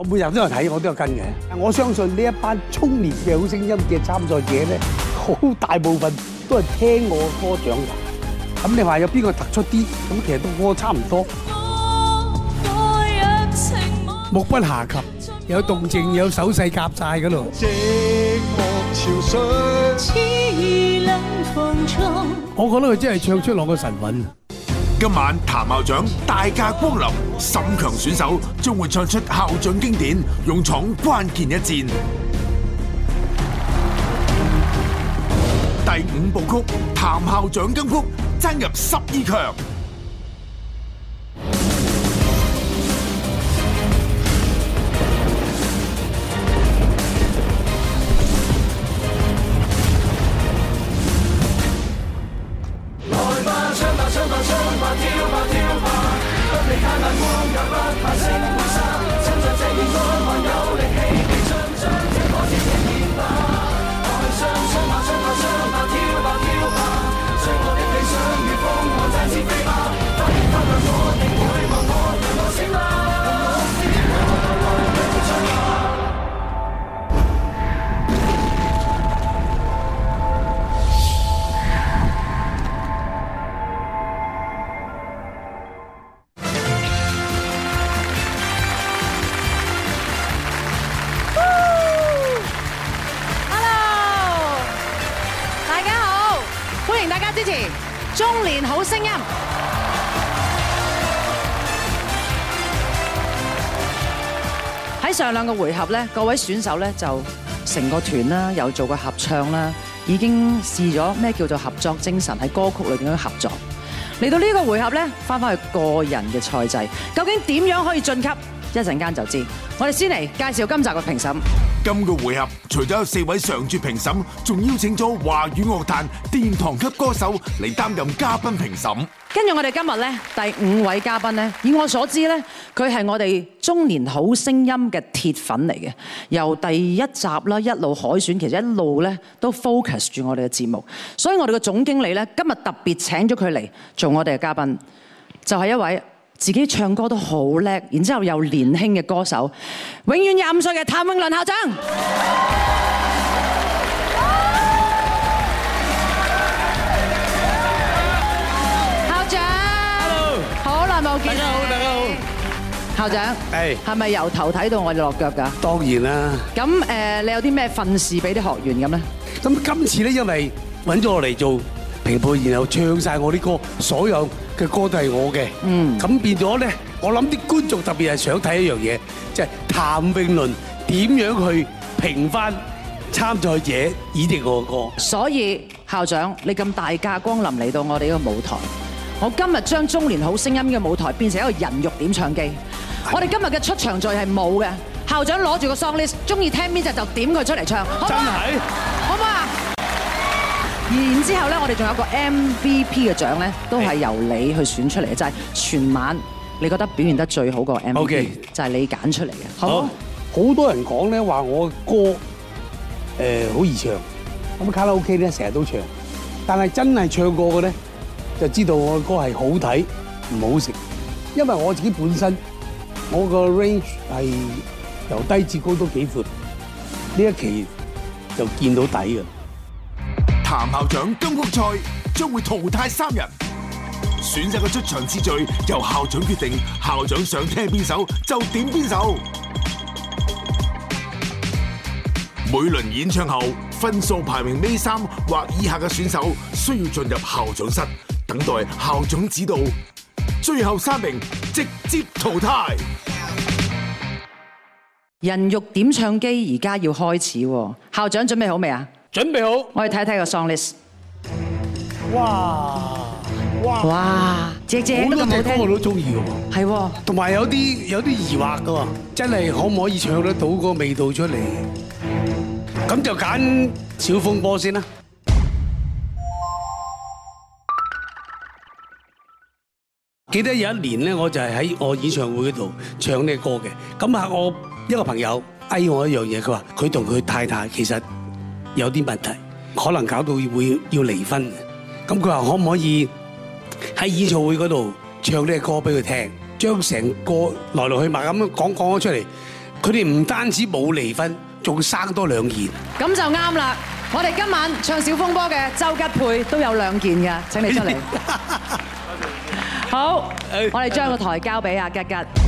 我每日都有睇，我都有跟嘅。我相信呢一班聰明嘅好聲音嘅參賽者咧，好大部分都係聽我歌長嘅。咁你話有邊個突出啲？咁其實都個差唔多。目不暇及，有動靜，有手勢夾晒嗰度。寂寞潮水，淒雨冷風中。我覺得佢真係唱出兩個神韻。今晚譚校長大駕光臨，十五強選手將會唱出校長經典，勇闖關鍵一戰。第五部曲，譚校長金曲，爭入十二強。《中年好聲音》，喺上兩個回合咧，各位選手咧就成個團啦，有做過合唱啦，已經試咗咩叫做合作精神喺歌曲裏邊去合作。嚟到呢個回合咧，翻返去個人嘅賽制，究竟點樣可以晉級？一陣間就知道。我哋先嚟介紹今集嘅評審。今、今個回合，除咗有四位常駐評審，仲邀請咗華語樂壇殿堂級歌手嚟擔任嘉賓評審。跟住我哋今日咧，第五位嘉賓咧，以我所知咧，佢係我哋中年好聲音嘅鐵粉嚟嘅，由第一集啦，一路海選，其實一路咧都 focus 住我哋嘅節目，所以我哋嘅總經理咧今日特別請咗佢嚟做我哋嘅嘉賓，就係一位。自己唱歌都好叻，然之後又年輕嘅歌手，永遠廿五歲嘅譚詠麟校長。校長，好耐冇見。大家好，大家好。校長，係，係咪由頭睇到我哋落腳㗎？當然啦。咁誒，你有啲咩訓示俾啲學員咁咧？咁今次咧，因為揾咗我嚟做。評判，然後唱曬我啲歌，所有嘅歌都係我嘅。嗯，咁變咗咧，我諗啲觀眾特別係想睇一樣嘢，即係譚詠麟點樣去評翻參賽者耳熟能歌。所以校長，你咁大駕光臨嚟到我哋呢個舞台，我今日將中年好聲音嘅舞台變成一個人肉點唱機。我哋今日嘅出場序係冇嘅，校長攞住個 song list，中意聽邊隻就點佢出嚟唱。真係，好唔好啊？然之後咧，我哋仲有個 MVP 嘅獎咧，都係由你去選出嚟嘅，就係全晚你覺得表現得最好個 MVP，好好就係、是、你揀出嚟嘅。好，好多人講咧話我歌誒好易唱，咁卡拉 OK 咧成日都唱，但係真係唱過嘅咧，就知道我嘅歌係好睇唔好食，因為我自己本身我個 range 係由低至高都幾闊，呢一期就見到底嘅。譚校長金曲賽將會淘汰三人。選擇嘅出場次序由校長決定，校長想聽邊首就點邊首。每輪演唱後，分數排名尾三或以下嘅選手需要進入校長室等待校長指導，最後三名直接淘汰。人肉點唱機而家要開始，校長準備好未啊？準備好，我哋睇睇個《Songlist》。哇哇，即係咁多首歌我都中意嘅喎，係，同埋有啲有啲疑惑嘅，真係可唔可以唱得到嗰個味道出嚟？咁就揀小風波先啦。記得有一年咧，我就係喺我演唱會嗰度唱呢個歌嘅。咁啊，我一個朋友嗌我一樣嘢，佢話佢同佢太太其實。有啲問題，可能搞到會要離婚。咁佢話可唔可以喺演唱會嗰度唱呢個歌俾佢聽，將成個來來去去咁講講咗出嚟。佢哋唔單止冇離婚，仲生多兩件。咁就啱啦！我哋今晚唱《小風波》嘅周吉佩都有兩件㗎。請你出嚟。好，我哋將個台交俾阿吉吉。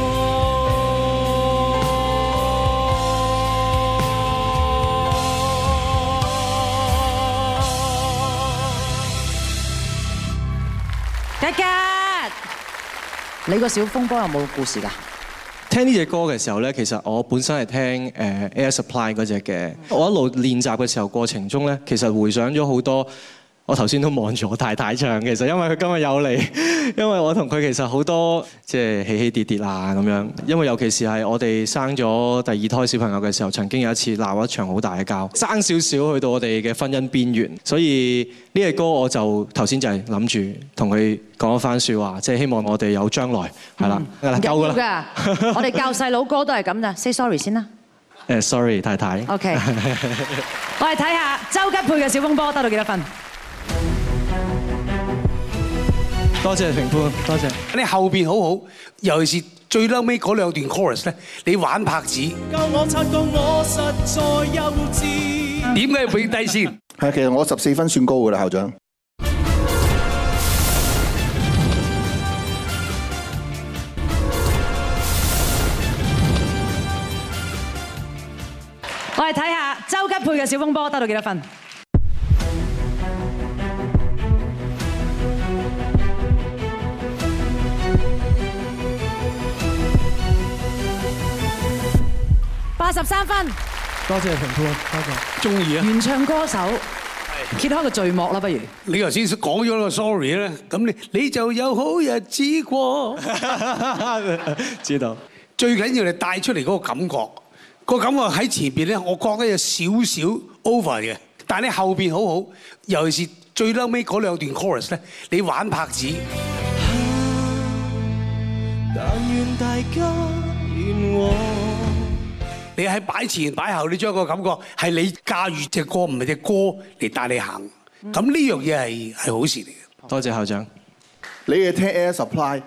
吉吉，你個小風波有冇故事㗎？聽呢隻歌嘅時候咧，其實我本身係聽誒 Air Supply 嗰隻嘅。我一路練習嘅時候，過程中咧，其實回想咗好多。我頭先都望住我太太唱，其實因為佢今日有嚟，因為我同佢其實好多即係起起跌跌啊咁樣。因為尤其是係我哋生咗第二胎小朋友嘅時候，曾經有一次鬧一場好大嘅交，爭少少去到我哋嘅婚姻邊緣。所以呢隻歌我才就頭先就係諗住同佢講一番説話，即係希望我哋有將來係啦，夠㗎啦、嗯。我哋教細佬歌都係咁咋，say sorry 先啦。誒，sorry 太太。O K，我哋睇下周吉佩嘅《小風波》得到幾多分？多謝評判，多謝，謝。你後邊好好，尤其是最嬲尾嗰兩段 chorus 咧，你玩拍子拍，點解要畀低先？係，其實我十四分算高噶啦，校長。我哋睇下周吉佩嘅小風波，得到幾多分？十三分，多謝評判，多謝。中意啊！原唱歌手，揭開個序幕啦，不如。你頭先講咗個 sorry 咧，咁你你就有好日子過。知道。最緊要你帶出嚟嗰個感覺，個感覺喺前邊咧，我覺得有少少 over 嘅，但係咧後邊好好，尤其是最嬲尾嗰兩段 chorus 咧，你玩拍子。但願大家我。你喺擺前擺後，你將個感覺係你駕馭隻歌，唔係隻歌嚟帶你行。咁呢樣嘢係係好事嚟嘅。多謝校長。你係聽 Air Supply，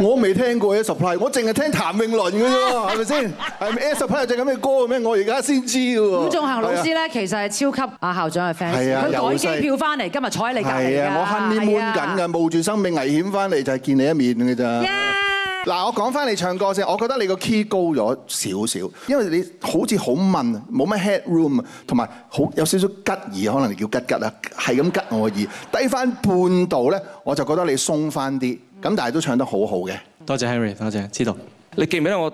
我未聽過 Air Supply，我淨係聽譚詠麟嘅啫喎，係咪先？係 Air Supply 有隻咁嘅歌嘅咩？我而家先知喎。伍仲衡老師咧，其實係超級阿校長嘅 fans。係啊，佢改機票翻嚟，今日坐喺你隔離㗎。係啊，我 honeymoon 緊㗎，冒住生命危險翻嚟就係見你一面㗎咋。嗱，我講翻你唱歌先，我覺得你個 key 高咗少少，因為你好似好悶，冇乜 head room，同埋好有少少吉耳，可能你叫吉吉啦，係咁吉我耳，低翻半度咧，我就覺得你鬆翻啲，咁但係都唱得好好嘅。多謝 Harry，多謝，知道。你記唔記得我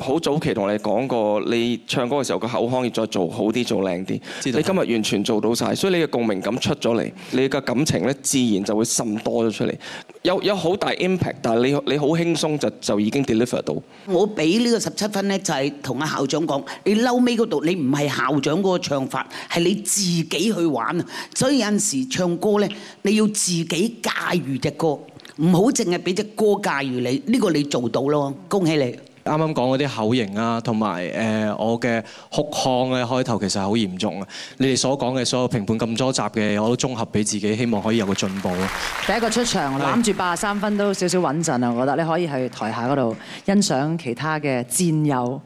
好早期同你講過，你唱歌嘅時候個口腔要再做好啲，做靚啲。你今日完全做到晒，所以你嘅共鳴感出咗嚟，你嘅感情呢自然就會滲多咗出嚟，有有好大 impact，但係你你好輕鬆就，就已經 deliver 到。我畀呢個十七分呢，就係同阿校長講，你嬲尾嗰度你唔係校長嗰個唱法，係你自己去玩，所以有時唱歌呢，你要自己駕馭隻歌。唔好淨係俾隻歌駕馭你，呢個你做到咯，恭喜你！啱啱講嗰啲口型啊，同埋誒我嘅哭腔嘅開頭其實係好嚴重啊！你哋所講嘅所有評判咁多集嘅，我都綜合俾自己，希望可以有個進步咯。第一個出場攬住八十三分都少少穩陣啊！我覺得你可以去台下嗰度欣賞其他嘅戰友。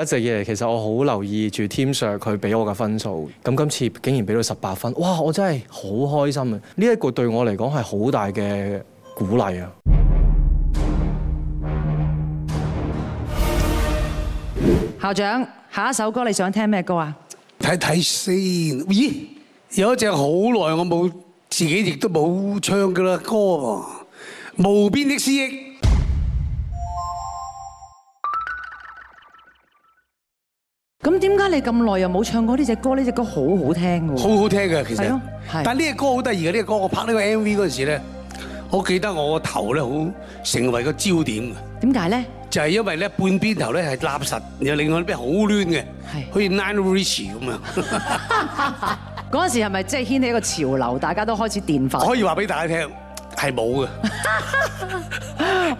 一直嘅，其實我好留意住 Tim sir 佢俾我嘅分數。咁今次竟然俾到十八分，哇！我真係好開心啊！呢一個對我嚟講係好大嘅鼓勵啊！校長，下一首歌你想聽咩歌啊？睇睇先。咦，有一隻好耐我冇自己亦都冇唱㗎啦歌，無邊的思憶。咁點解你咁耐又冇唱過呢隻歌？呢隻歌好好聽喎，好好聽嘅其實。係，但係呢隻歌好得意嘅，呢隻歌我拍呢個 M V 嗰陣時咧，我記得我個頭咧好成為個焦點嘅。點解咧？就係、係、因為咧半邊頭咧係立實，然後另外一邊好亂嘅，係，好似 Nine Inch 咁樣。嗰陣時係咪即係掀起一個潮流？大家都開始電髮。可以話俾大家聽。係冇嘅，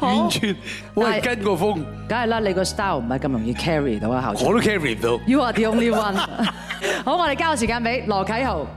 完全我係跟個風，梗係啦。你個 style 唔係咁容易 carry 到啊，校長。我都 carry 唔到。You are the only one。好，我哋交個時間俾羅啟豪。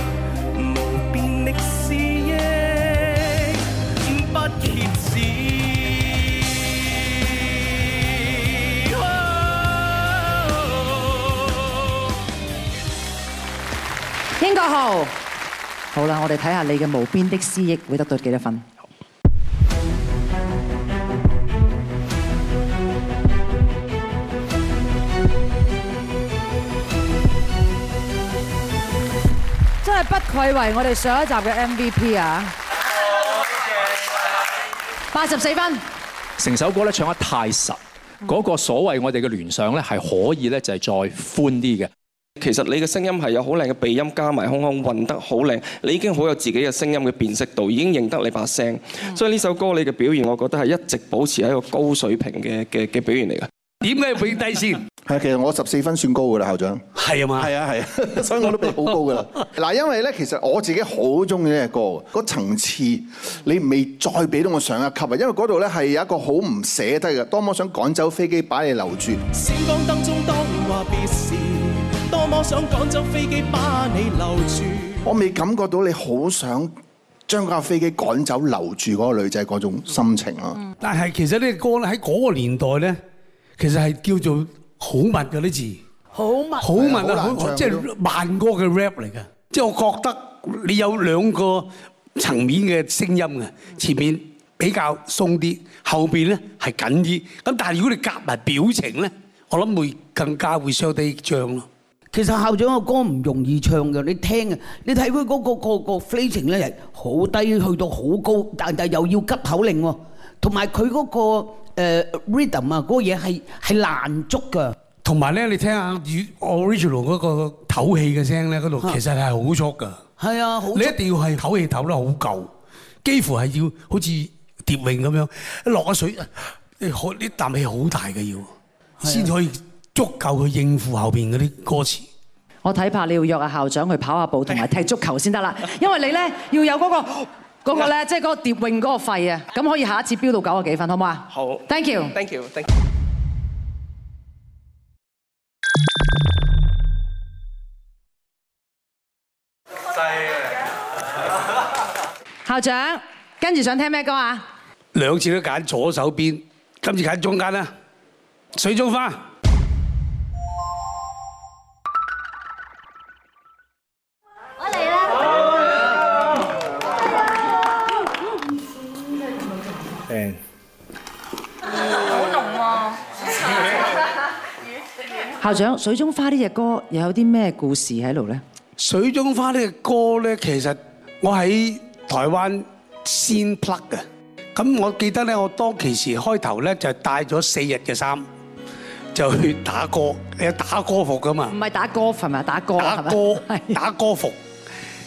八號好，好啦，我哋睇下你嘅無邊的思憶會得到幾多分？真係不愧為我哋上一集嘅 MVP 啊！八十四分，成首歌咧唱得太實，嗰個所謂我哋嘅聯想咧係可以咧就係再寬啲嘅。其實你嘅聲音係有好靚嘅鼻音加，加埋空空混得好靚，你已經好有自己嘅聲音嘅辨識度，已經認得你把聲。所以呢首歌你嘅表現，我覺得係一直保持喺一個高水平嘅嘅嘅表現嚟㗎。點解要評低先？係其實我十四分算高㗎啦，校長。係啊嘛，係啊係啊，所以我都俾好高㗎啦。嗱，因為咧，其實我自己好中意呢隻歌嘅，嗰層次你未再俾到我上一級啊，因為嗰度咧係有一個好唔捨得嘅，當我想趕走飛機，把你留住。閃光燈中我未感覺到你好想將架飛機趕走留住嗰個女仔嗰種心情咯。但係其實呢個歌咧喺嗰個年代咧，其實係叫做好密嗰啲字，好密，好密啊！即係慢歌嘅 rap 嚟嘅。即係我覺得你有兩個層面嘅聲音呀，前面比較鬆啲，後邊咧係緊啲。咁但係如果你夾埋表情咧，我諗會更加會相得益彰咯。其實校長嘅歌唔容易唱㗎，你聽啊，你睇佢嗰個個個 fling 咧係好低去到好高，但但又要急口令喎，同埋佢嗰個誒 rhythm 啊，嗰個嘢係係難捉㗎。同埋咧，你聽下原 original 嗰個唞氣嘅聲咧，嗰度其實係好捉㗎。係啊，你一定要係唞氣唞得好夠，幾乎係要好似蝶泳咁樣，落個水，你可啲啖氣好大嘅要，先至可以。足夠去應付後邊嗰啲歌詞。我睇怕你要約下校長去跑下步同埋踢足球先得啦，因為你咧要有嗰個咧、嗰個，即係嗰個蝶泳嗰個肺啊。咁可以下一次飆到九個幾分，好唔好啊？好。Thank, Thank you。Thank you 樂。Thank you 。係呀，校長，跟住想聽咩歌啊？兩次都揀左手邊，今次揀中間啦。水中花。校長，水中花呢隻歌又有啲咩故事喺度咧？水中花呢隻歌咧，其實我喺台灣先 plug 嘅。咁我記得咧，我當其時開頭咧就帶咗四日嘅衫，就去打歌，有打歌服噶嘛？唔係打歌服嘛，打歌。打歌，打歌服。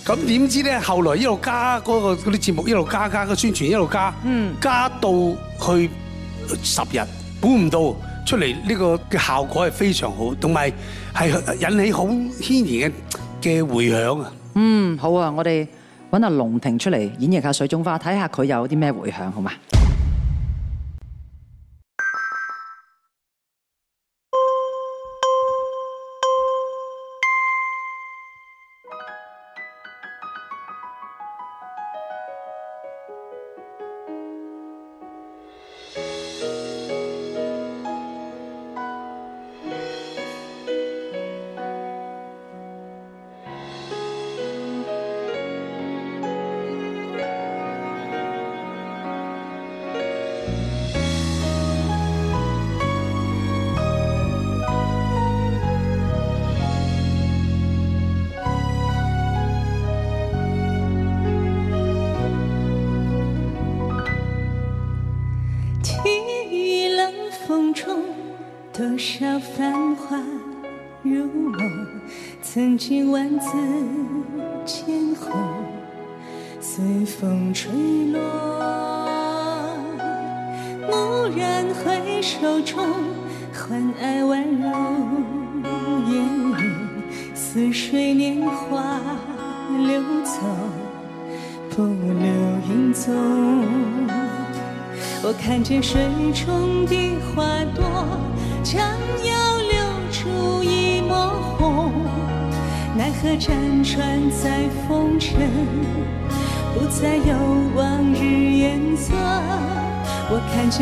咁點知咧，後來一路加嗰、嗰個啲節目一直，一路加加個宣傳，一路加，加到去十日，估唔到。出嚟呢個嘅效果係非常好，同埋係引起很的好天然嘅回響啊！嗯，好啊，我哋揾阿龍婷出嚟演繹下水中花，睇下佢有啲咩回響。好嘛？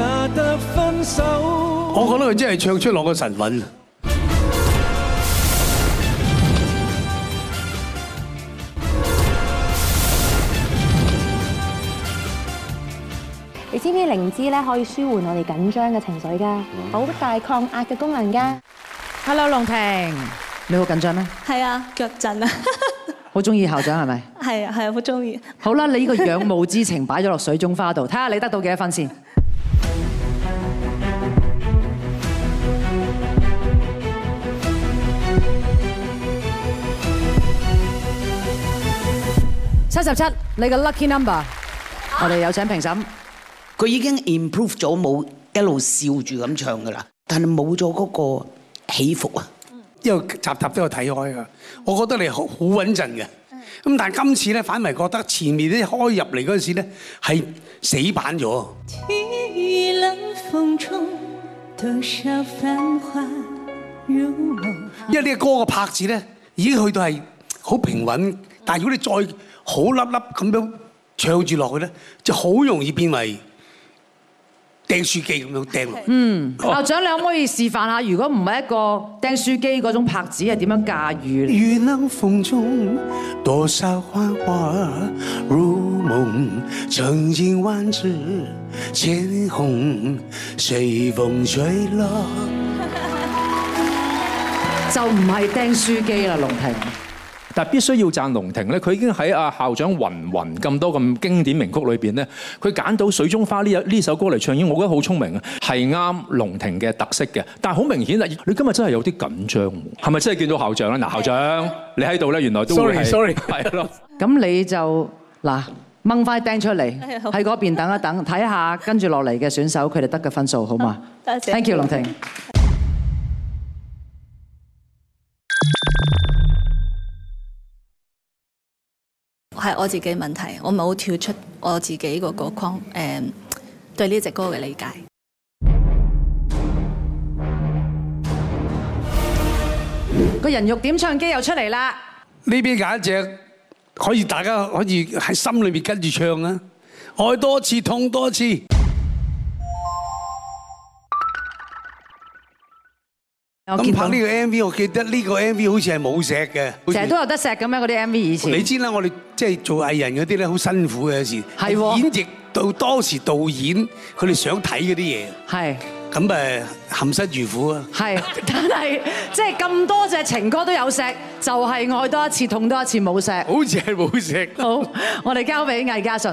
我覺得佢真係唱出我嘅神韻。你知唔知靈芝咧可以舒緩我哋緊張嘅情緒㗎，好大抗壓嘅功能㗎。Hello，龍婷，你好，你緊張咩？係啊，腳震啊！好中意校長係咪？係啊，係啊， 好中意。好啦，你呢個仰慕之情擺咗落水中花度，睇下你得到幾多分先。 七十七，你嘅 lucky number，我哋有請評審。佢已經 improve 咗冇一路笑住咁唱㗎喇，但係冇咗嗰個起伏啊，因、嗯、為集集都有睇開㗎。我覺得你好好穩陣嘅，咁但係今次咧反為覺得前面啲開入嚟嗰陣時咧係死板咗、嗯。因為呢個歌嘅拍子咧已經去到係好平穩，但係如果你再好粒粒咁樣唱住落去咧，就好容易變為釘書機咁樣釘落。嗯，校長你可唔可以示範下？如果唔係一個釘書機嗰種拍子係點樣駕馭呢？ 就但係，必須要讚龍婷咧，佢已經喺阿校長雲雲咁多咁經典名曲裏邊咧，佢揀到水中花呢首呢首歌嚟唱，演，我覺得好聰明啊，係啱龍婷嘅特色嘅。但係好明顯啊，你今日真係有啲緊張喎。係咪真係見到校長咧？嗱，校長你喺度咧，原來都係。sorry，sorry。咁 你就嗱掹塊釘出嚟，喺嗰邊等一等，睇下跟住落嚟嘅選手佢哋得嘅分數好嘛？多謝，謝你。Thank you，龍婷。 係我自己的問題，我冇跳出我自己嗰個框，誒、嗯、對呢隻歌嘅理解。個人肉點唱機又出嚟啦！呢邊揀一隻，可以大家可以喺心裏面跟住唱啊！愛多次，痛多次。咁拍呢個 M V，我記得呢個 M V 好似係冇錫嘅，成日都有得錫咁樣嗰啲 M V 以前。你知啦，我哋即係做藝人嗰啲咧，好辛苦嘅有時，演繹到當時導演佢哋想睇嗰啲嘢。係。咁誒，含辛茹苦啊。係，但係即係咁多隻情歌都有錫，就係、是、愛多一次痛多一次冇錫。好似係冇錫。好，我哋交俾魏嘉信。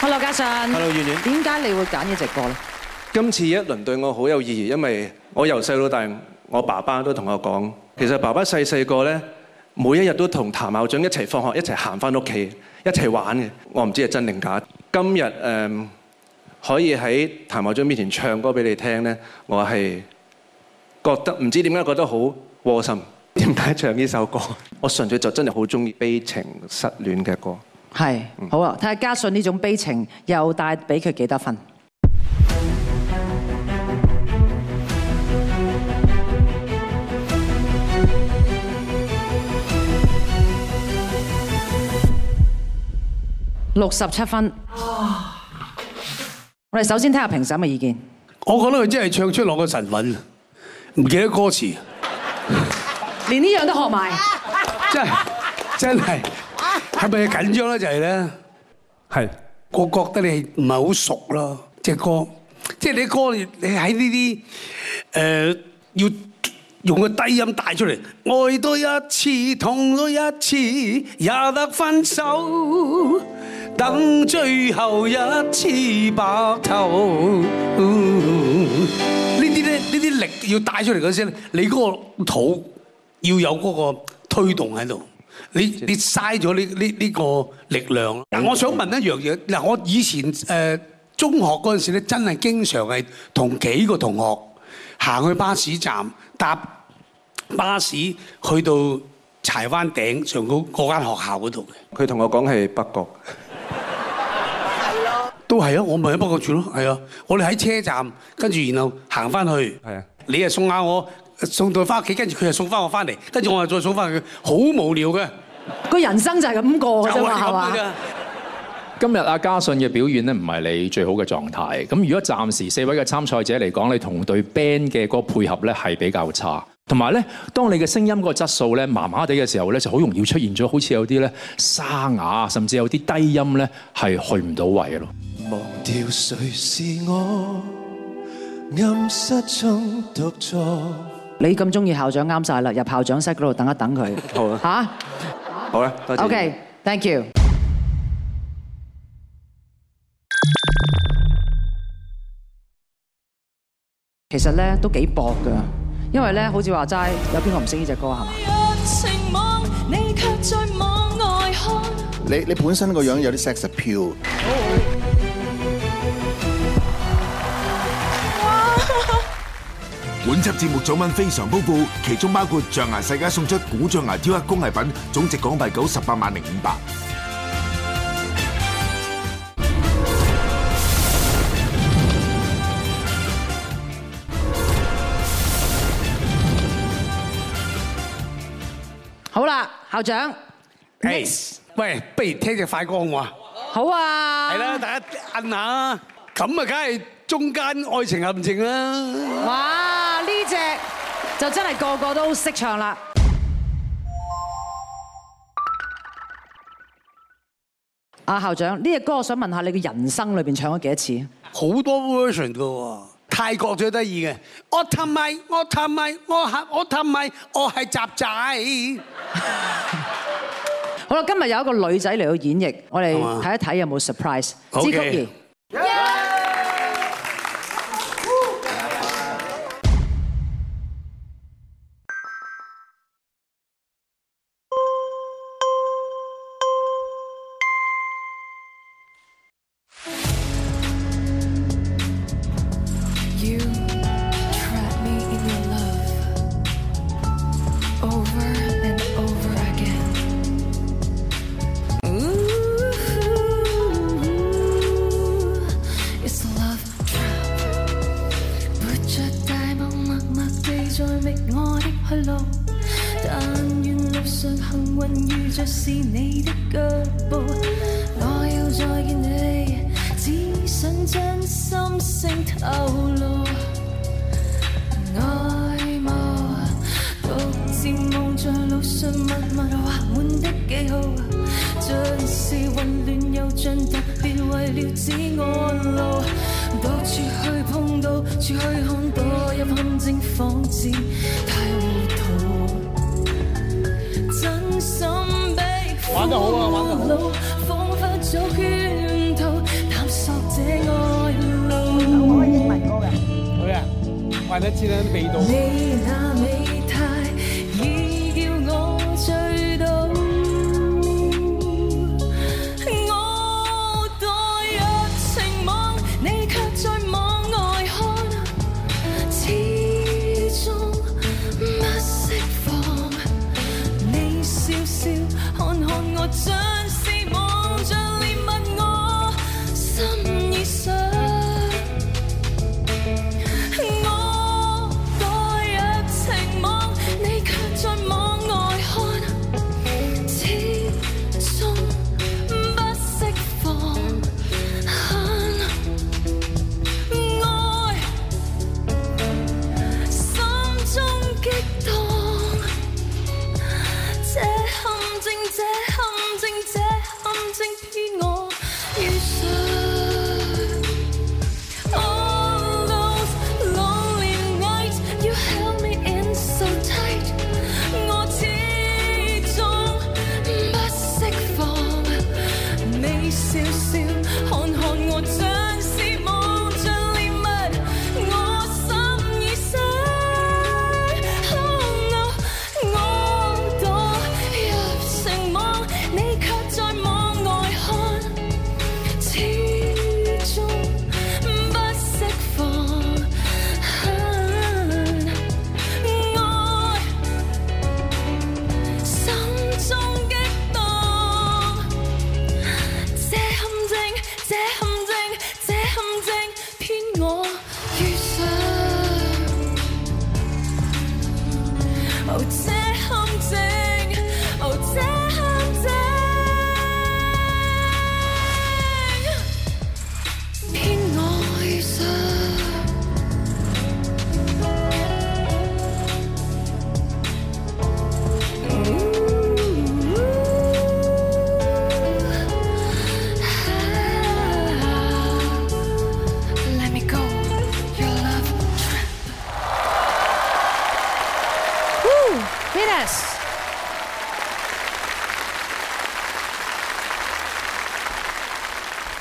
Hello，嘉信。Hello，媛媛。點解你會揀呢隻歌呢？今次一輪對我好有意義，因為我由細到大，我爸爸都同我講，其實爸爸細細個呢，每一日都同譚校長一齊放學，一齊行翻屋企，一齊玩嘅。我唔知係真定假的。今日誒可以喺譚校長面前唱歌俾你聽呢，我係覺得唔知點解覺得好窩心。點解唱呢首歌？我純粹就真係好中意悲情失戀嘅歌。係，好啊！睇下嘉信呢種悲情又帶俾佢幾多分？六十七分。我哋首先睇下評審嘅意見。我覺得佢真係唱出落個神韻，唔記得歌詞 ，連呢樣都學埋，真真係。係咪緊張咧？就係、是、咧，係。我覺得你唔係好熟咯，隻歌，即係你啲歌，你喺呢啲誒要用個低音帶出嚟。愛多一次，痛多一次，也得分手，等最後一次白頭。呢啲咧，呢、哦、啲、哦哦、力要帶出嚟嗰陣時，你嗰個肚要有嗰個推動喺度。你你嘥咗呢呢呢個力量咯。我想問一樣嘢，嗱我以前誒中學嗰陣時咧，真係經常係同幾個同學行去巴士站搭巴士去到柴灣頂上高嗰間學校嗰度嘅。佢同我講係北角，係咯，都係啊！我咪喺北角住咯，係啊！我哋喺車站跟住然後行翻去，係啊，你係送下我。送到翻屋企，跟住佢又送翻我翻嚟，跟住我又再送翻佢，好無聊嘅。個人生就係咁過啫嘛，係嘛？今日阿嘉信嘅表現咧，唔係你最好嘅狀態。咁如果暫時四位嘅參賽者嚟講，你同對 band 嘅個配合咧係比較差，同埋咧，當你嘅聲音個質素咧麻麻地嘅時候咧，就好容易出現咗好似有啲咧沙啞，甚至有啲低音咧係去唔到位咯。忘掉誰是我，暗室中獨坐。你咁中意校長啱晒啦，入校長室嗰度等一等佢。好啊。嚇？好啦，多謝。OK，Thank you。其實咧都幾薄噶，因為咧好似話齋，有邊個唔識呢隻歌係嘛？人情望你，卻再往外看。」你本身個樣有啲 sex appeal。本輯節目獎品非常豐富，其中包括象牙世家送出古象牙雕刻工藝品，總值港幣九十八萬零五百。好啦，校長，Ace，喂，不如聽隻快歌好啊？好啊，係啦，大家摁下，咁啊，梗係。中間愛情陷阱啦、啊！哇，呢隻就真係個個都識唱啦！阿校長，呢隻歌我想問下你嘅人生裏邊唱咗幾多次？好多 version 㗎喎！泰國最得意嘅，我係咪？我係咪？我係我係咪？我係雜仔！好啦，今日有一個女仔嚟到演繹我看看有有，我哋睇一睇有冇 surprise？支嚳儀。Yeah!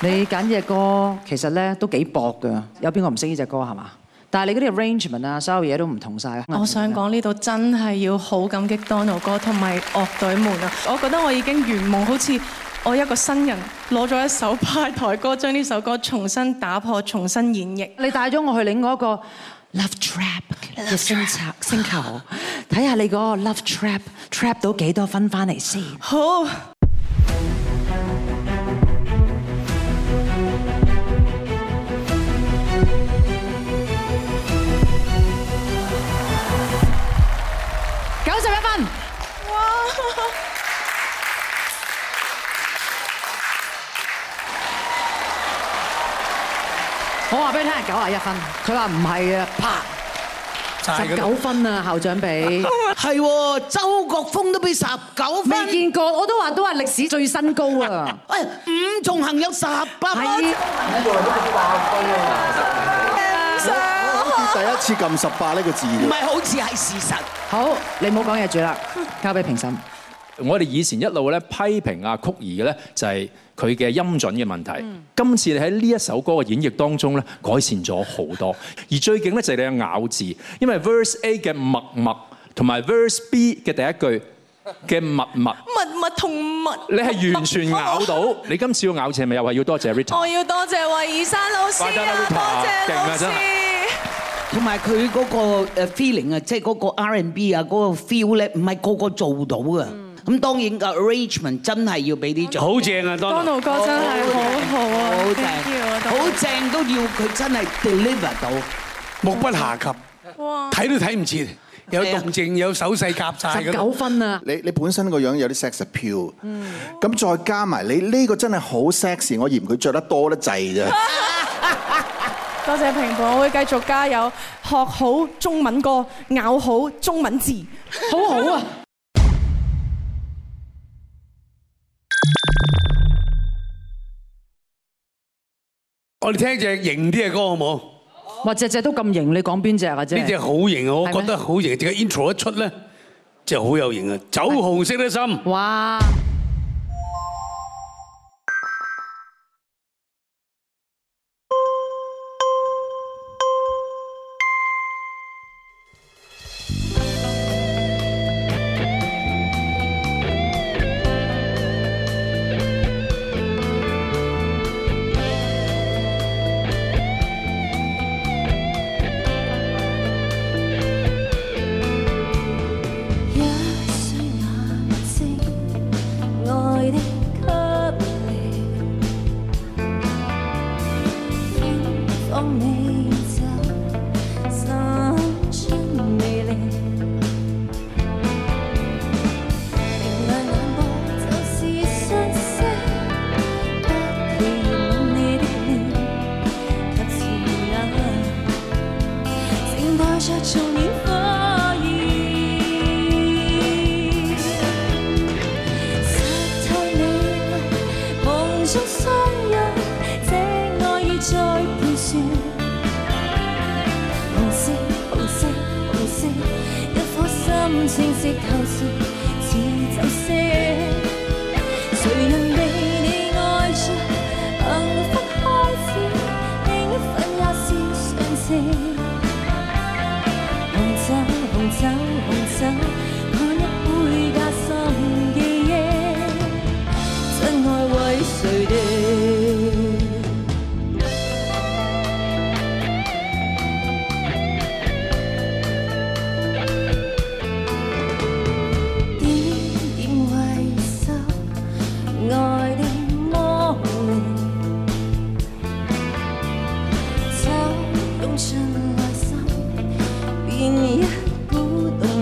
你揀隻歌其實咧都幾薄㗎，有邊個唔識呢隻歌係嘛？但係你嗰啲 arrangement 啊，所有嘢都唔同晒。我想講呢度真係要好感激 Donald 哥同埋樂隊們啊！我覺得我已經圓夢，好似我一個新人攞咗一首派台歌，將呢首歌重新打破、重新演繹。你帶咗我去另外一個 Love Trap 嘅星測星球，睇下你嗰個 Love Trap trap 到幾多分翻嚟先。好。我話俾你聽係九十一分，佢話唔係啊，拍十九分啊，校長俾係喎，周國峰都俾十九分，未見過，我都話都話歷史最新高啊，誒伍仲行有十八分你，呢個都十八分啊，十八，第一次撳十八呢個字，唔係好似係事實好。好，你唔好講嘢住啦，交俾評審。我哋以前一路咧批評阿嚳儀嘅咧，就係佢嘅音準嘅問題。今次你喺呢一首歌嘅演繹當中咧，改善咗好多。而最勁咧就係你嘅咬字，因為 Verse A 嘅默默同埋 Verse B 嘅第一句嘅默默默默同默，你係完全咬到。你今次要咬字係咪又話要多謝 Rita？我要多謝惠爾山老師啊，多謝老師。同埋佢嗰個誒 feeling 啊，即係嗰個 R&B 啊，嗰個 feel 咧，唔係個個做到嘅。咁當然個 arrangement 真係要俾啲，好正啊！Donald 哥真係好好啊，好正都要佢真係 deliver 到，目不暇給，睇都睇唔切，有動靜有手勢夾曬，十九分啊！你你本身個樣有啲 sex appeal，咁再加埋你呢個真係好 sexy，我嫌佢著得多得滯啫。多謝評判，我會繼續加油，學好中文歌，咬好中文字，好好啊！我哋聽隻型啲嘅歌好冇？哇！隻隻都咁型，你講邊隻啊？啫？邊隻好型，我覺得好型，點解 intro 一出咧，就好有型啊！酒紅色嘅心。哇！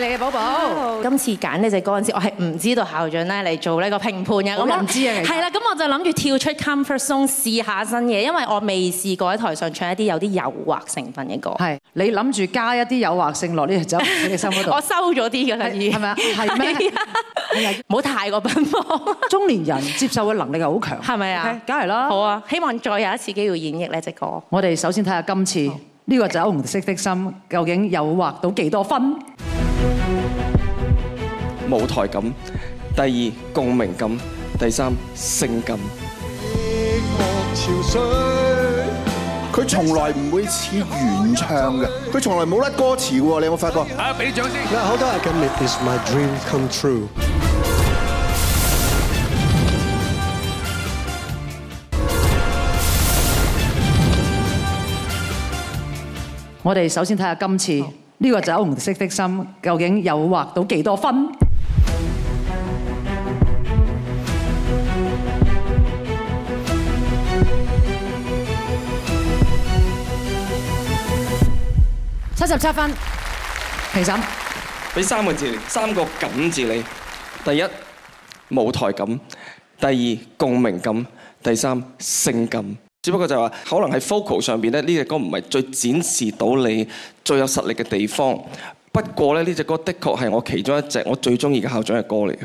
你嘅，寶寶、哦、今次揀呢隻歌先，我係唔知道校長咧嚟做呢個評判嘅，我唔知啊。係啦，咁我就諗住跳出 comfort zone 試下新嘢，因為我未試過喺台上唱一啲有啲誘惑成分嘅歌。係你諗住加一啲誘惑性落呢隻《酒紅色的心》嗰度？我收咗啲㗎啦，係咪啊？係咩？唔好 是 太過奔波。 中年人接受嘅能力又好強，係咪啊？梗係啦。好啊，希望再有一次機會演繹呢隻歌。我哋首先睇下今次呢個、就是《酒紅色的心》究竟誘惑到幾多分？.舞台感，第二共鳴感，第三性感。佢從來唔會似原唱嘅，佢從來冇甩歌詞喎！你有冇發覺？啊！俾啲掌聲。好多。我哋首先睇下今次呢個酒紅色的心，究竟有畫到幾多分？七十七分，評審俾三個字，三個感字你。第一舞台感，第二共鳴感，第三性感。只不過就話可能係 focal 上邊咧，呢隻歌唔係最展示到你最有實力嘅地方。不過咧，呢隻歌的確係我其中一隻我最中意嘅校長嘅歌嚟嘅。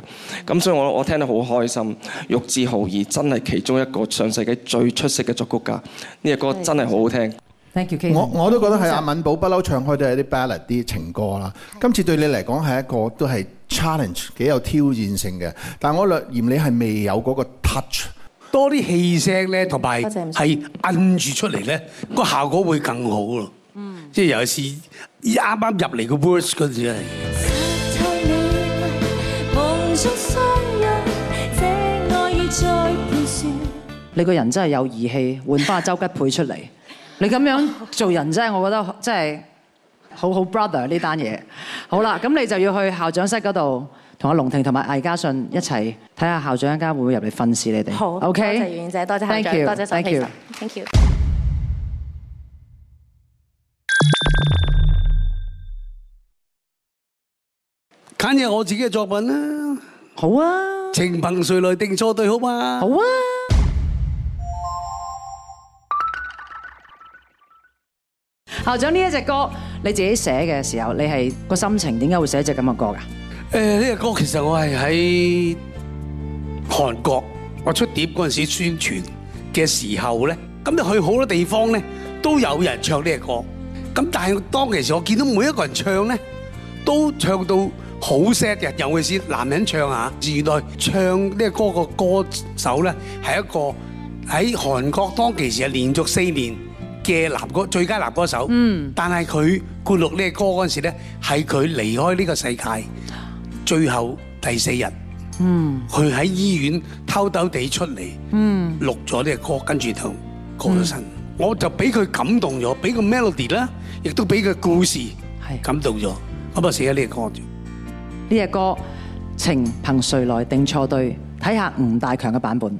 咁所以我我聽得好開心。玉置浩二真係其中一個上世紀最出色嘅作曲家，呢隻歌真係好好聽。Thank you, 我我都覺得係阿敏寶不嬲唱開都係啲 ballad 啲情歌啦。今次對你嚟講係一個都係 challenge 幾有挑戰性嘅，但我略嫌你係未有嗰個 touch，多啲氣聲咧同埋係係摁住出嚟咧，個效果會更好咯。嗯，即係尤其是啱啱入嚟個 verse 嗰陣。你個人真係有義氣，換翻阿周吉佩出嚟。你咁樣做人真係，我覺得真係好好 brother 呢單嘢。好啦，咁你就要去校長室嗰度，同阿龍婷同埋魏嘉信一齊睇下校長一家會唔會入嚟訓示你哋。好，OK。多謝袁姐，多謝校長，多謝首席。Thank you。Thank you。揀嘢，我自己嘅作品啦。好啊。情憑誰來定錯對，好嘛？好啊。校長呢一隻歌，你自己寫嘅時候，你係個心情點解會寫隻咁嘅歌噶？誒，呢隻歌其實我係喺韓國，我出碟嗰陣時宣傳嘅時候咧，咁你去好多地方咧都有人唱呢隻歌。咁但係當其時我見到每一個人唱咧，都唱到好 sad 嘅，尤其是男人唱吓。原來唱呢隻歌嘅歌手咧，係一個喺韓國當其時係連續四年，嘅男歌最佳男歌手，但係佢灌錄呢個歌嗰陣時咧，係佢離開呢個世界最後第四日，佢喺醫院偷偷地出嚟錄咗呢個歌，跟住就過咗身。我就俾佢感動咗，俾個 melody 啦，亦都俾個故事感動咗，咁啊寫咗呢個歌。呢個歌情憑誰來定錯對，睇下吳大強嘅版本。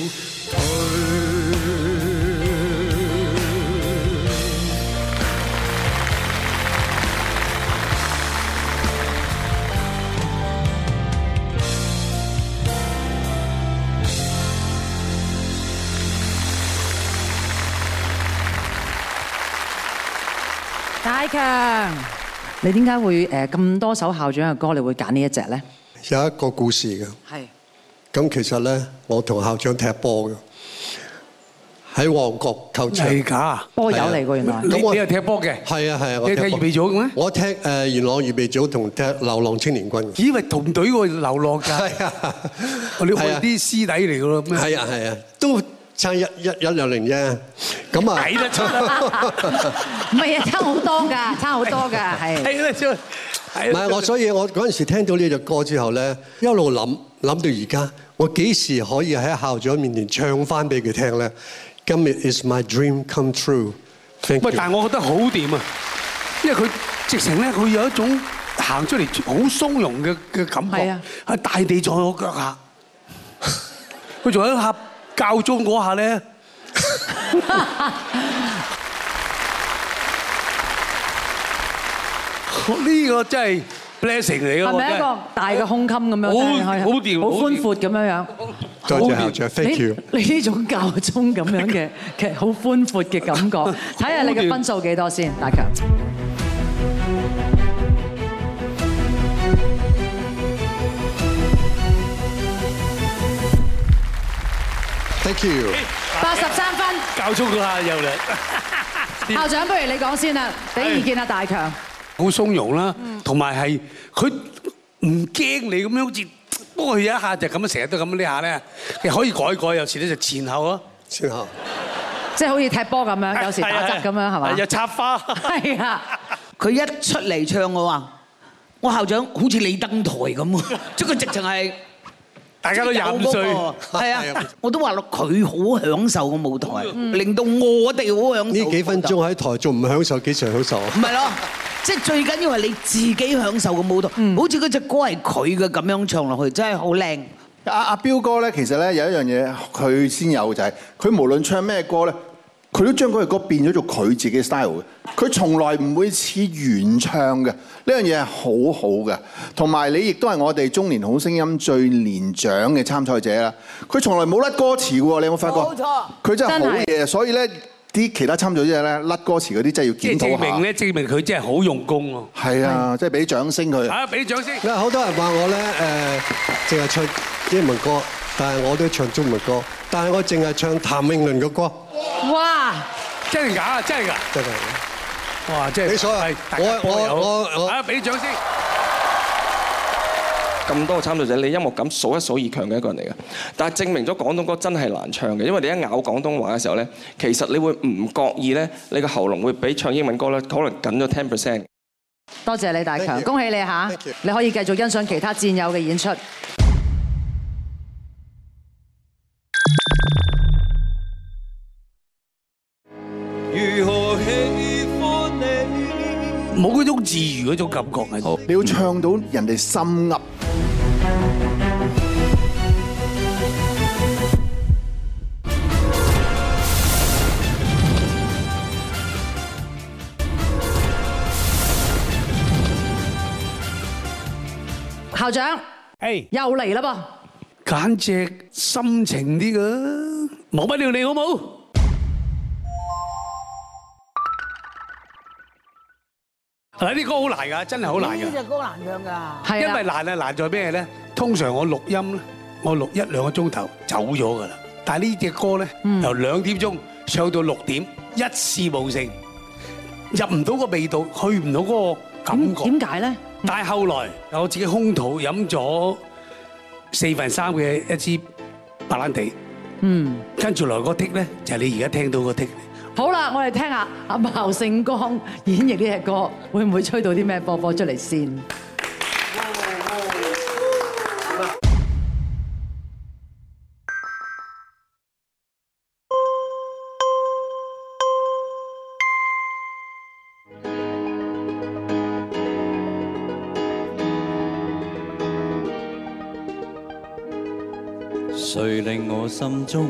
大強，你點解會誒咁多首校長嘅歌，你會揀呢一隻咧？有一個故事嘅，係咁其實咧，我同校長踢波嘅，喺旺角球場。係假啊，波友嚟噶原來。咁你係踢波嘅？係啊係啊，你踢預備組嘅咩？我踢誒元朗預備組同踢流浪青年軍。以為同隊會流浪噶？係啊，你開啲師弟嚟噶咯？係啊係啊，都。差一、一、一兩零啫，咁啊睇得出啦，唔係啊，差好多㗎，差好多㗎，係係啦，唔係我所以，所以我嗰陣時聽到呢隻歌之後咧，一路諗諗到而家，我幾時可以喺校長面前唱翻俾佢聽咧？今晚 is my dream come true，thank you。喂，但係我覺得好掂啊，因為佢直情咧，佢有一種行出嚟好鬆容嘅嘅感覺，喺大地在我腳下，佢仲有一下。教宗嗰下咧，呢個真係 blessing 嚟嘅喎，係咪一個大嘅胸襟咁樣？好，好寬闊咁樣樣。在下 thank you。你呢種教宗咁樣嘅，其實好寬闊嘅感覺。睇下你嘅分數幾多先，大強。Thank you，八十三分，教足佢下又嚟。校長，不如你講先啦，俾意見啊大強。好鬆容啦，同埋係佢唔驚你咁樣，好似幫佢一下就咁樣，成日都咁樣呢下咧，你可以改改，有時咧就前後咯。前後。即係好似踢波咁樣，有時打側咁樣係嘛？又插花。係啊，佢一出嚟唱我話，我校長好似你登台咁啊，即係佢直情係。大家都廿五歲，係啊，我都話咯，佢好享受個舞台，令到我哋好享受。呢幾分鐘喺台仲唔享受？幾時享受？唔係咯，即係最緊要係你自己享受個舞台。好似嗰隻歌係佢嘅咁樣唱落去，真係好靚。阿阿彪哥咧，其實咧有一樣嘢佢先有，就係、是、佢無論唱咩歌咧。佢都將嗰隻歌變咗做佢自己 style 嘅，佢從來唔會似原唱嘅，呢樣嘢係好好嘅。同埋你亦都係我哋中年好聲音最年長嘅參賽者啦。佢從來冇甩歌詞喎，你有冇發覺？冇錯，佢真係好嘢。所以咧，啲其他參賽者咧甩歌詞嗰啲真係要檢討下。即係證明咧，證明佢真係好用功喎。係啊，即係俾啲掌聲佢。啊，俾啲掌聲嗱，好多人話我咧誒，即、呃、係唱呢門歌。但係我都唱中文歌，但係我淨係唱譚詠麟嘅歌。哇！真係假啊？真係㗎？真係。哇！即係你所謂我我我，啊！俾啲掌聲。咁多嘅參賽者，你音樂感數一數二強嘅一個人嚟嘅。但係證明咗廣東歌真係難唱嘅，因為你一咬廣東話嘅時候咧，其實你會唔覺意咧，你個喉嚨會比唱英文歌咧，可能緊咗 ten percent。多謝李大強，恭喜你嚇！你可以繼續欣賞其他戰友嘅演出。冇嗰種自如嗰種感覺嘅，你要唱到人哋心噏。校長，哎，又嚟啦噃，簡直深情啲㗎，忘不了你好冇。嗱，呢啲歌好難噶，真係好難噶。呢隻歌難唱噶，因為難啊，難在咩咧？通常我錄音咧，我錄一兩個鐘頭走咗噶啦。但係呢隻歌咧，由兩點鐘唱到六點，一事無成，入唔到個味道，去唔到嗰個感覺。點解咧？但係後來我自己空肚飲咗四分三嘅一支白蘭地，嗯，跟住來個 tick 咧，就係你而家聽到個 tick。好啦，我哋聽下阿鮑聖光演繹呢隻歌，會唔會吹到啲咩波波出嚟先？誰令我心中？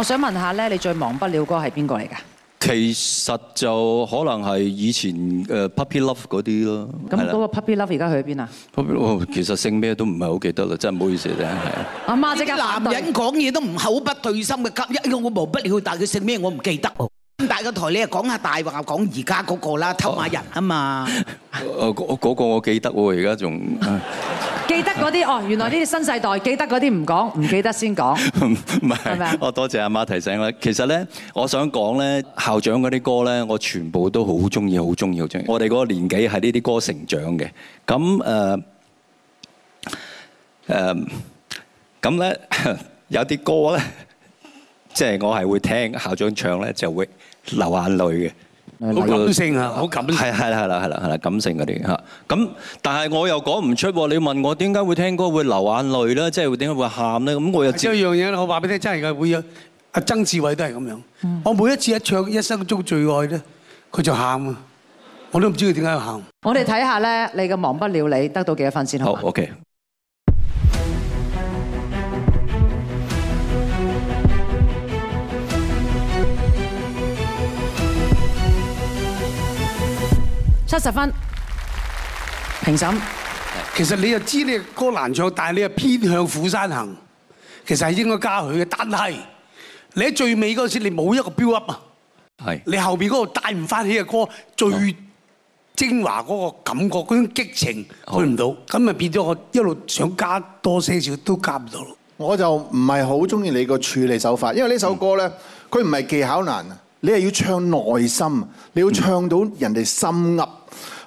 我想問下咧，你最忘不了嗰個係邊個嚟㗎？其實就可能係以前誒 puppy love 嗰啲咯。咁嗰個 puppy love 而家去咗邊啊？puppy love 其實姓咩都唔係好記得啦，真係唔好意思啫。阿媽即刻對男人講嘢都唔口不對心嘅，急，我忘不了，但係佢姓咩我唔記得。咁大個台你又講下大話，講而家嗰個啦，偷下人啊嘛。誒嗰嗰個我記得喎，而家仲。記得嗰啲哦，原來呢啲新世代記得嗰啲唔講，唔記得先講。唔係，我多謝阿媽提醒我。其實咧，我想講咧，校長嗰啲歌咧，我全部都好中意，好中意，好中意。我哋嗰個年紀係呢啲歌成長嘅。咁誒誒，咁咧有啲歌咧，即係我係會聽校長唱咧，就會流眼淚嘅。好感性啊！好感，係係啦係啦係啦係啦，感性嗰啲吓。咁但係我又講唔出喎。你問我點解會聽歌會流眼淚咧？即係會點解會喊咧？咁我又即係一樣嘢啦。我話俾你聽，真係㗎會啊！阿曾志偉都係咁樣。我每一次一唱《一生中最愛》咧，佢就喊啊！我都唔知佢點解要喊。我哋睇下咧，你嘅忘不了你，得到幾多分先好？好 OK。七十分評審，其實你就知你嘅歌難唱，但係你又偏向《釜山行》，其實係應該加佢嘅。但係你喺最尾嗰時，你冇一個 build up 啊！係你後邊嗰個帶唔翻起嘅歌，最精華嗰個感覺、嗰種激情，去唔到。咁咪變咗我一路想加多些少，都加唔到咯。我就唔係好中意你個處理手法，因為呢首歌咧，佢唔係技巧難，你係要唱內心，你要唱到人哋心凹。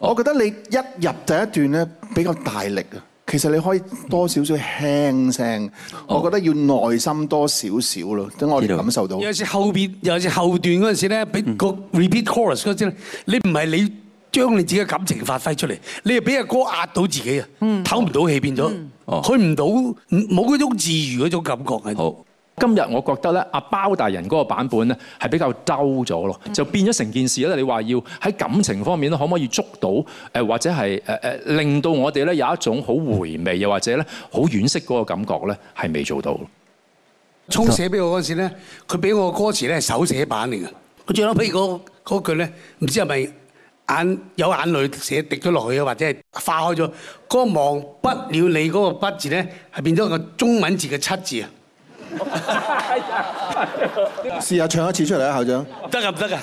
我覺得你一入第一段咧，比較大力啊，其實你可以多少少輕聲，我覺得要耐心多少少咯，等我哋感受到。尤其是後邊，尤其是後段嗰陣時咧，俾個 repeat chorus 嗰陣，你唔係你將你自己嘅感情發揮出嚟，你係俾個歌壓到自己啊，唞唔到氣，變咗、嗯、去唔到，冇嗰種自如嗰種感覺係。今日我覺得咧，阿包大人嗰個版本咧係比較兜咗咯，就變咗成件事啦。你話要喺感情方面咧，可唔可以捉到？誒或者係誒誒，令到我哋咧有一種好回味，又或者咧好惋惜嗰個感覺咧，係未做到。初寫俾我嗰陣時咧，佢俾我個歌詞咧係手寫版嚟嘅。佢最嬲譬如嗰嗰句咧，唔知係咪眼有眼淚寫滴咗落去啊，或者係化開咗嗰忘不了你嗰個不字咧，係變咗個中文字嘅七字啊。試下唱一次出嚟啊，校長！得啊，唔得啊，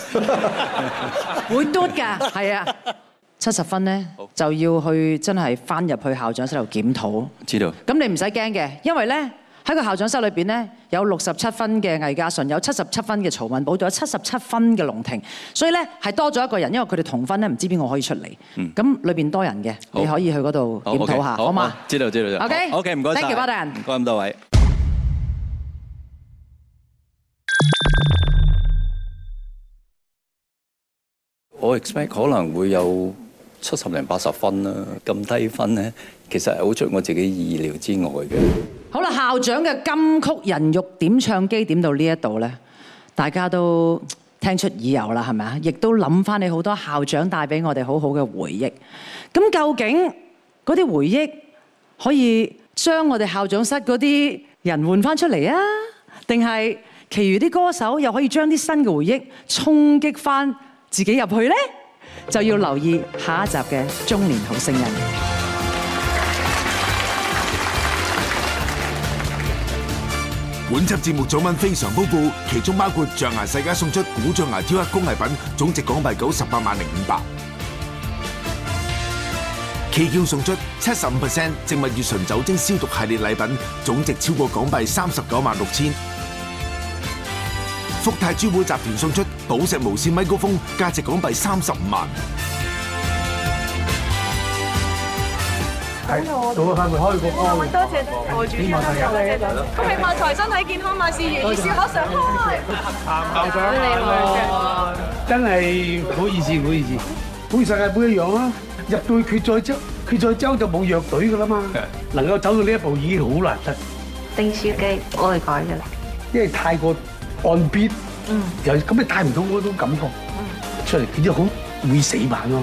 會嘟噶，係啊，七十分咧就要去真係翻入去校長室度檢討。知道。咁你唔使驚嘅，因為咧喺個校長室裏邊咧有六十七分嘅魏嘉信，有七十七分嘅曹敏寶，仲有七十七分嘅龍婷，所以咧係多咗一個人，因為佢哋同分咧，唔知邊個可以出嚟。嗯。咁裏邊多人嘅，你可以去嗰度檢討下好好好好，好嗎？知道，知道，知道。OK，OK，唔該 thank you 多謝咁多位。我 expect 可能會有七十零八十分啦，咁低分呢，其實係好出我自己意料之外嘅。好啦，校長嘅金曲人肉點唱機點到呢一度呢，大家都聽出耳油啦，係咪啊？亦都諗翻起好多校長帶俾我哋好好嘅回憶。咁究竟嗰啲回憶可以將我哋校長室嗰啲人換翻出嚟啊？定係？其餘啲歌手又可以將啲新嘅回憶衝擊翻自己入去呢，就要留意下一集嘅中年好聲音。本集節目獎品非常豐富，其中包括象牙世家送出古象牙雕刻工藝品，總值港幣九十八萬零五百；旗標送出七十五 percent 植物乙醇酒精消毒系列禮品，總值超過港幣三十九萬六千。福泰珠寶集團送出寶石無線咪高峰價值港幣三十五萬。係，好啊！快快開個波。多謝主持人，恭喜發財，身體健康，萬事如意，笑口常開。校長，真係唔好意思，唔好意思，好似世界盃一樣啦。入到決賽周，決賽周就冇弱隊噶啦嘛。能夠走到呢一步已經好難得。釘書機，我哋改噶啦，因為太過。on beat、嗯、又咁你帶唔到嗰種感覺出嚟，見咗好會死板咯。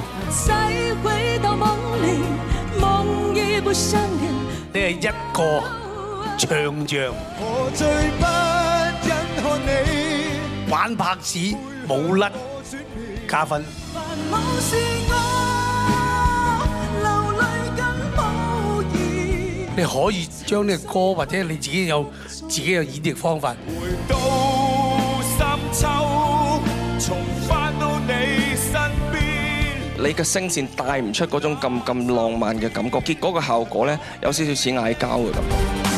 你係一個唱將，你玩拍子冇甩，沒加分。你可以將呢個歌或者你自己有自己嘅演繹方法。回到深秋，重返到你身邊。你嘅聲線帶唔出嗰種咁咁浪漫嘅感覺，結果個效果咧有少少似嗌交嘅感覺。